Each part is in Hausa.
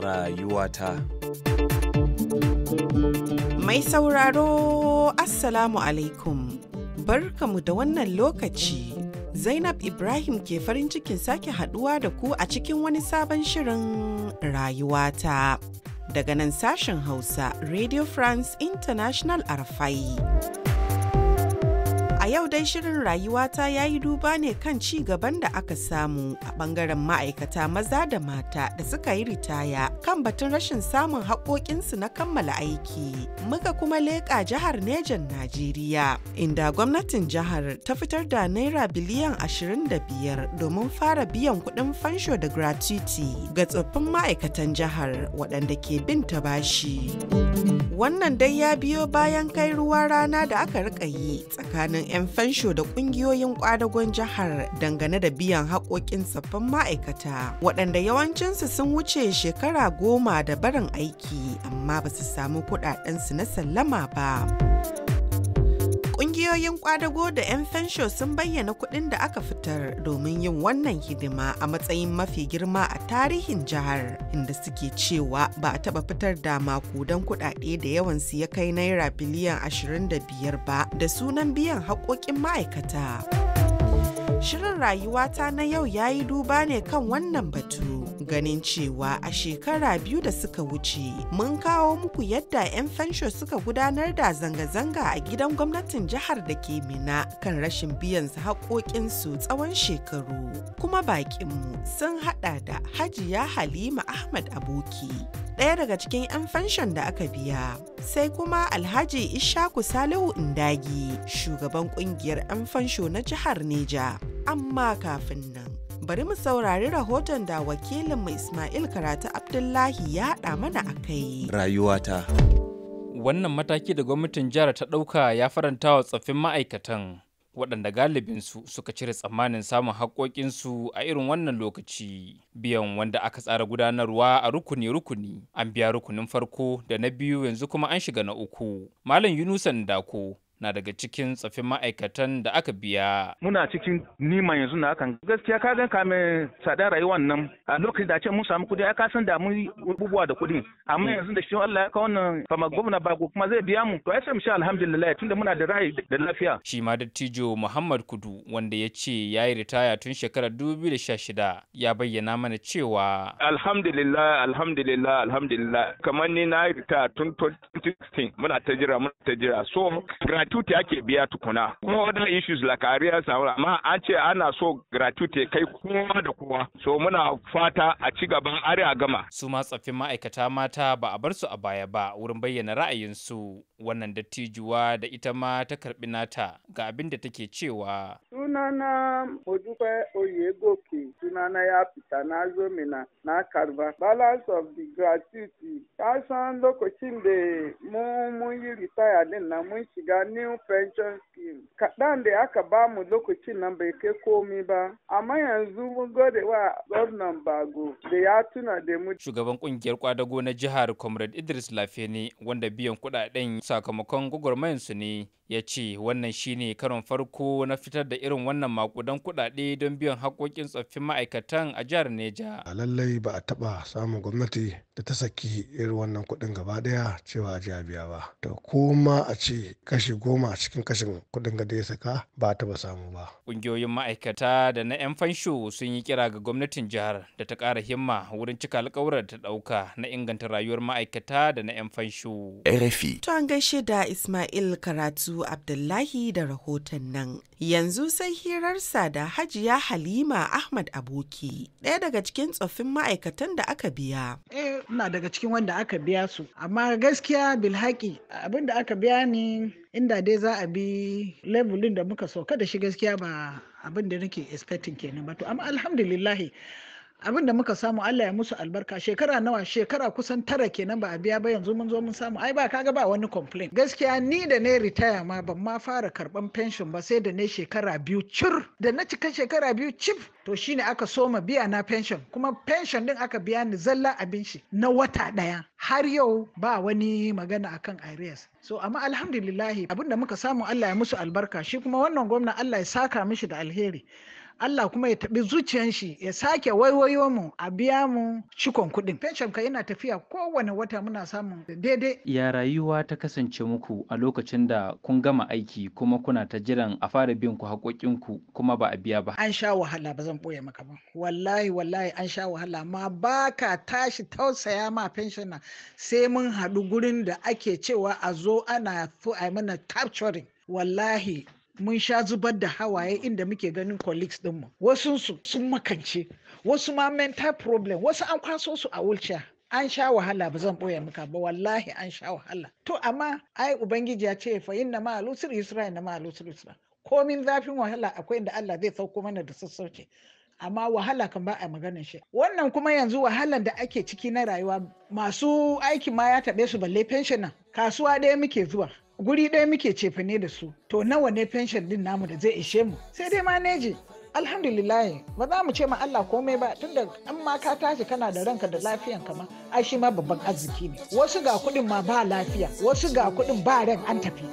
rayuwata. Mai sauraro Assalamu alaikum barkamu da wannan lokaci Zainab Ibrahim ke farin cikin sake haduwa da ku a cikin wani sabon shirin rayuwata. Daga nan sashen Hausa Radio France International Arfai. A yau dai shirin rayuwata ya yi duba ne kan ci gaban da aka samu a ɓangaren ma'aikata maza da mata da suka yi ritaya kan batun rashin samun haƙoƙinsu na kammala aiki. Muka kuma leƙa jihar Nejan Najeriya, inda gwamnatin jihar ta fitar da naira biliyan 25 domin fara biyan kuɗin fansho da gratuity ga tsoffin ma'aikatan jihar waɗanda ke bin ta bashi. Wannan dai ya biyo bayan kai ruwa rana da aka riƙa yi tsakanin 'yan fansho da ƙungiyoyin ƙwadagon jihar dangane da biyan haƙoƙin sabbin ma'aikata waɗanda yawancinsu sun wuce shekara goma da barin aiki amma ba su samu kuɗaɗensu na sallama ba. Ƙungiyoyin ƙwadago da 'yan fensho sun bayyana kuɗin da aka fitar domin yin wannan hidima a matsayin mafi girma a tarihin jihar, inda suke cewa ba a taɓa fitar da makudan kuɗaɗe da yawan su ya kai naira biliyan 25 ba da sunan biyan haƙoƙin ma'aikata. Shirin rayuwata na yau ya yi duba ne kan wannan batu. ganin cewa a shekara biyu da suka wuce mun kawo muku yadda 'yan fansho suka gudanar da zanga-zanga a gidan gwamnatin jihar da ke mina kan rashin biyan su haƙoƙinsu tsawon shekaru kuma baƙinmu sun haɗa da hajiya halima ahmad aboki ɗaya daga cikin 'yan fanshon da aka biya sai kuma alhaji ishaku salihu indagi shugaban ƙungiyar 'yan fansho na jihar neja amma kafin nan bari mu saurari rahoton da wakilin wakilinmu Ismail Karatu Abdullahi ya haɗa mana a kai. Rayuwata. Wannan mataki da gwamnatin jihar ta ɗauka ya faranta wa tsaffin ma'aikatan waɗanda galibinsu suka cire tsammanin samun haƙoƙinsu a irin wannan lokaci. Biyan wanda aka tsara gudanarwa a rukuni-rukuni, an biya rukunin farko da na biyu yanzu kuma an shiga na uku. Malam Yunusan Dako na daga cikin tsafin ma'aikatan da aka biya. Muna cikin nima yanzu na hakan gaskiya ka gan kame tsadar rayuwan nan a lokacin da ce mun samu kuɗi ka kasan da mun bubuwa da kuɗi amma mm. yanzu da shi Allah ya ka wannan fama gwamna ba kuma zai biya mu to ai sai mu sha alhamdulillah tunda muna da rai da lafiya. Shi ma dattijo Muhammad Kudu wanda ya ce ya yi ritaya tun shekarar 2016 ya bayyana mana cewa. Alhamdulillah alhamdulillah alhamdulillah kamar ni na yi ritaya tun 2016 muna ta jira muna ta jira so gratuity ake biya tukuna kuma other issues like arrears and amma an ce ana so gratuity kai kowa da kowa so muna fata a ci gaban are a gama su ma tsaffin ma'aikata mata ba a bar su a baya ba wurin bayyana ra'ayinsu wannan dattijuwa da ita ma ta karbi nata ga abin da take cewa Funana Modukwe Oyegoke Funanaya Peter Nazomina na Karba Balance of the Gratuity ta san lokacin da mu mun yi ritaya din na mun shiga new pension scheme kaɗan da aka ba mu lokacin nan bai kai komi ba amma yanzu mun gode wa gwamnan Bago da ya tuna da mu. Shugaban kungiyar kwadago na jihar Comrade Idris Lafeni wanda biyan kuɗaɗen sakamakon gwagwarmayarsu ne ya ce wannan shine karon farko na fitar da irin wannan makudan kuɗaɗe don biyan haƙoƙin tsoffin ma'aikatan a jihar neja a lallai ba a taɓa samun gwamnati da ta saki irin wannan kuɗin gaba ɗaya cewa a biya ba to ko a ce kashi goma a cikin kashin kuɗin da ya saka ba ta ba samu ba ƙungiyoyin ma'aikata da na 'yan fansho sun yi kira ga gwamnatin jihar da ta ƙara himma wurin cika alƙawuran ta ɗauka na inganta rayuwar ma'aikata da na 'yan fansho RFI to an gaishe da Ismail Karatu Abdullahi da rahoton nan yanzu sai hirarsa da Hajiya Halima Ahmad Aboki ɗaya daga cikin tsoffin ma'aikatan da aka biya. Eh, ina daga cikin wanda aka biya su amma gaskiya bilhaki abin da aka biya ni inda dai za a bi levelin da muka sauka da shi gaskiya ba abin da nake expecting kenan ba to amma alhamdulillah. abin da muka samu Allah ya musu albarka shekara nawa shekara kusan tara kenan ba a biya ba yanzu mun zo mun samu ai ba kaga ba wani complain gaskiya ni da ne ritaya ma ban ma fara karban pension ba sai da ne shekara biyu cir da na cika shekara biyu cif to shine aka soma biya na pension kuma pension din aka biya ni zalla abin shi na wata daya har yau ba wani magana akan arrears so amma alhamdulillah abin da muka samu Allah ya musu albarka shi kuma wannan gwamna Allah ya saka mishi da alheri Allah kuma ya taɓi zuciyan shi ya sake waiwayo mu a biya mu cikon kuɗin. Pension ka yana tafiya kowane wata muna samun daidai. Ya rayuwa ta kasance muku a lokacin da kun gama aiki kuma kuna ta jiran a fara bin ku haƙoƙinku kuma ba a biya ba. An sha wahala ba zan ɓoye maka ba. Wallahi wallahi an sha wahala ma baka tashi tausaya ma pension sai mun haɗu gurin da ake cewa a zo ana so a mana capturing. Wallahi mun sha zubar da hawaye inda muke ganin colleagues dinmu wasu sun makance wasu ma mental problem wasu an kwaso su a wheelchair an sha wahala ba zan boye muka ba wallahi an sha wahala to amma ai ubangiji ya ce fa inna ma alusir yusra na ma alusir yusra komin zafin wahala akwai inda Allah zai sauko mana da sassauci amma wahala kan ba a maganin shi wannan kuma yanzu wahalan da ake ciki na rayuwa masu aiki ma ya taɓe su balle fenshina kasuwa ɗaya muke zuwa guri ɗaya muke cefane da su to nawa ne fenshin din namu da zai ishe mu sai dai maneji alhamdulillah ba za mu ce ma Allah komai ba tunda an ma ka tashi kana da ranka da lafiyan kama ai shi ma babban arziki ne wasu ga kuɗin ma ba lafiya wasu ga kuɗin ba ran an tafi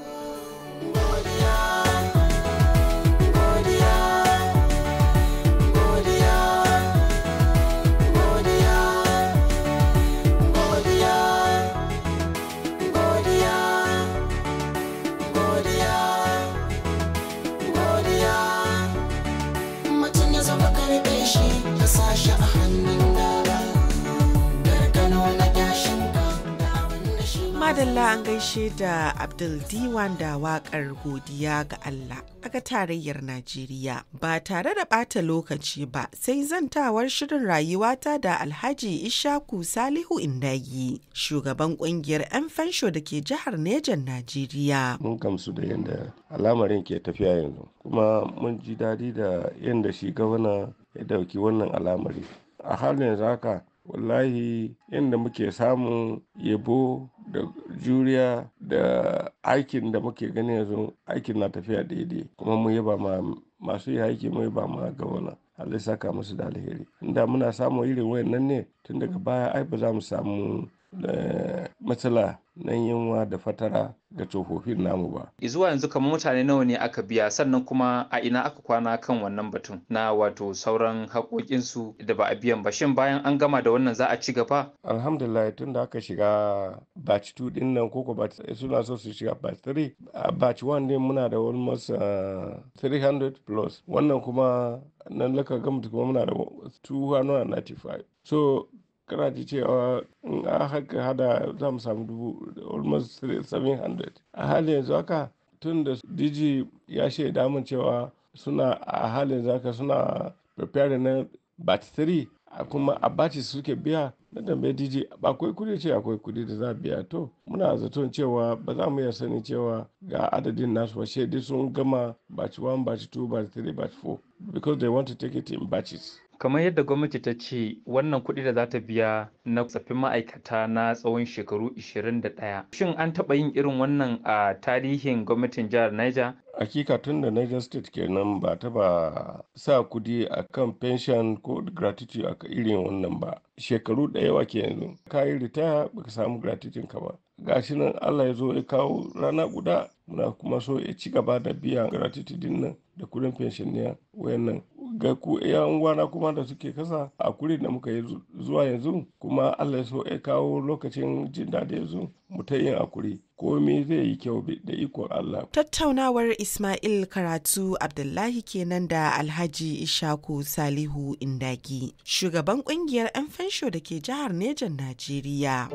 madalla an gaishe da Abdul Diwan da wakar godiya ga Allah daga tarayyar Najeriya ba tare da bata lokaci ba sai zantawar shirin rayuwata da Alhaji Ishaku Salihu Indagi shugaban ƙungiyar 'yan fansho da ke jihar Nejan Najeriya. Mun gamsu da yadda al'amarin ke tafiya yanzu kuma mun ji daɗi da yadda shi gwamna ya dauki wannan al'amari. A halin yanzu haka wallahi yadda muke samun yabo da juriya da aikin da muke gani yanzu aikin na tafiya daidai kuma mu yaba ma masu yi aiki mu yaba ma gwamna Allah saka musu da alheri inda muna samu irin wayannan ne tun daga baya ai ba za mu samu da matsala na yunwa da fatara ga tsofaffin namu ba. Zuwa yanzu kamar mutane nawa ne aka biya sannan kuma a ina aka kwana kan wannan batun na wato sauran haƙoƙinsu da ba a biyan ba shin bayan an gama da wannan za a ci gaba? Alhamdulillah tun da aka shiga batch 2 din nan koko batch suna so su shiga batch 3 a batch 1 din muna da almost uh, 300 plus wannan kuma nan laka gamta kuma muna da 295 so kana ji cewa in an haka hada za mu samu dubu almost 700 a halin yanzu haka tun da dg ya shaida mun cewa suna a halin zaka suna preparing na bat 3 a kuma a batch suke biya na dg ba akwai kudi ce akwai kudi da za biya to muna zaton cewa ba za mu iya sani cewa ga adadin nasu washe dai sun gama batch 1 batch 2 batch 3 batch 4 because they want to take it in batches kamar yadda gwamnati ta ce wannan kuɗi da za ta biya na tsaffin ma'aikata na tsawon shekaru 21 shin an taɓa yin irin wannan a tarihin gwamnatin jihar niger hakika tun da niger state kenan ba ta ba sa kuɗi a kan pension ko gratitude a irin wannan ba shekaru da yawa ke yanzu ka yi ritaya baka samu gratitude ka ba gashi nan allah ya zo ya kawo rana guda muna kuma so ya ci gaba da biyan gratitude nan da kudin fenshiniya wayannan ga ku yan uwana kuma da suke kasa a kuri da muka yi zuwa yanzu kuma allah ya so ya kawo lokacin jin daɗi yanzu mu ta yin akuri komai zai yi kyau da ikon allah tattaunawar ismail karatu abdullahi kenan da alhaji ishaku salihu indagi shugaban kungiyar 'yan fansho da ke jihar nejan najeriya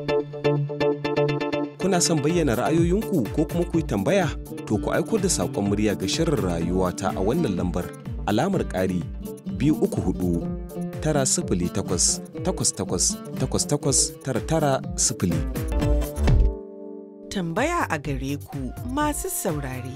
kuna son bayyana ra'ayoyinku ko kuma ku yi tambaya to ku aiko da saƙon murya ga shirin rayuwa ta a wannan lambar alamar ƙari biyu uku hudu tara sifili takwas takwas takwas takwas takwas tara tara sifili. Tambaya a gare ku masu saurare.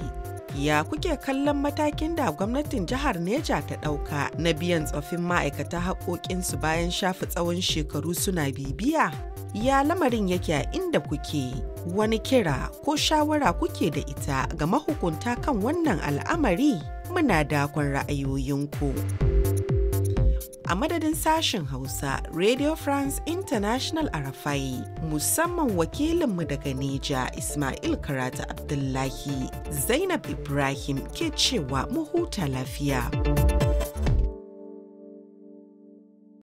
ya kuke kallon matakin da gwamnatin jihar Neja ta ɗauka na biyan tsoffin ma'aikata haƙoƙinsu bayan shafi tsawon shekaru suna bibiya? Ya lamarin yake a inda kuke wani kira ko shawara kuke da ita ga mahukunta kan wannan al'amari muna dakon ra'ayoyinku. a madadin sashen Hausa Radio France International a Rafai musamman wakilinmu daga Neja Ismail Karata Abdullahi Zainab Ibrahim ke cewa mu huta lafiya.